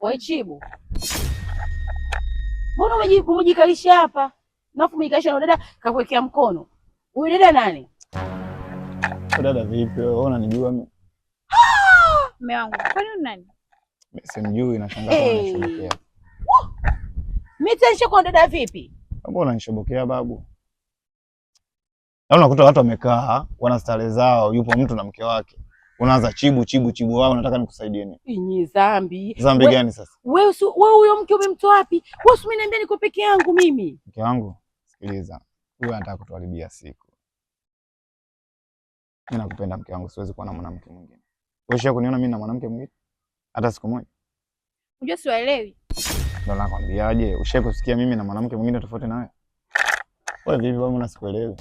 Waichibu, mbona umejikalisha hapa? Nafu umejikalisha na dada kakuwekea mkono. Huyu dada nani? Dada vipi wewe, unanijua mimi? Ah! Mume wangu, kwani nani? Simjui, nashangaa unanishobokea. Mimi tanisha kwa dada vipi? Mbona unanishobokea babu? Na yaani unakuta watu wamekaa wana stare zao, yupo mtu na mke wake unaanza chibu chibu chibu, wao nataka nikusaidie nini? Ni dhambi. Dhambi gani sasa? Wewe si wewe, huyo mke umemtoa wapi? Wewe si usiniambie niko peke yangu mimi. Mke wangu, sikiliza, Wewe unataka kutuharibia siku. Mimi nakupenda mke wangu, siwezi kuwa na mwanamke mwingine. Wewe shia kuniona mimi na mwanamke mwingine hata siku moja? Unajua siwaelewi. Ndio nakwambiaje, ushae kusikia mimi na mwanamke mwingine tofauti na wewe? Wewe vipi, wewe unasikuelewi?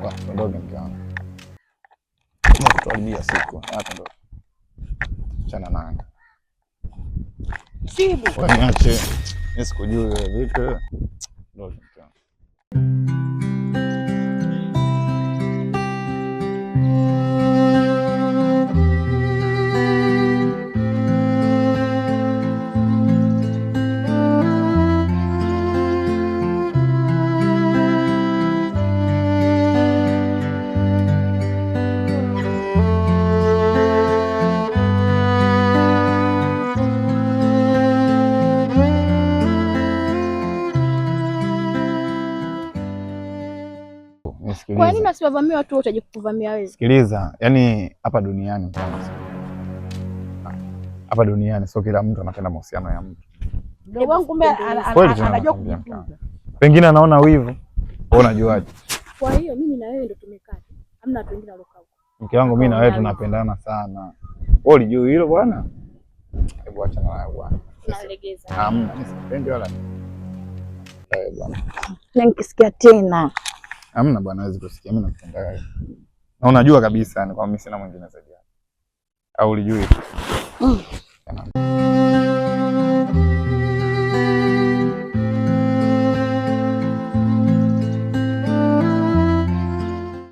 Kwa ndogo mke wangu tuharibia siku. Hapa ndo chana nanga, nisikujue vipi Kwa nini watu wote aje kukuvamia wewe? Sikiliza, yani hapa duniani hapa duniani sio kila mtu anapenda mahusiano ya mtu. Wangu kumbe anajua pengine anaona wivu. Wewe unajuaje? Kwa hiyo mimi na wewe ndio Hamna watu wengine walokaa Mke wangu mimi na wewe tunapendana sana. Wewe ulijua hilo bwana? Hebu acha na wewe bwana. Nalegeza. Hamna, sipendi wala. Nikisikia tena Hamna bwana, hawezi kusikia mimi nakupenda wewe. Na unajua kabisa ni kwa mimi sina mwingine zaidi yako. Au ulijui? Mm.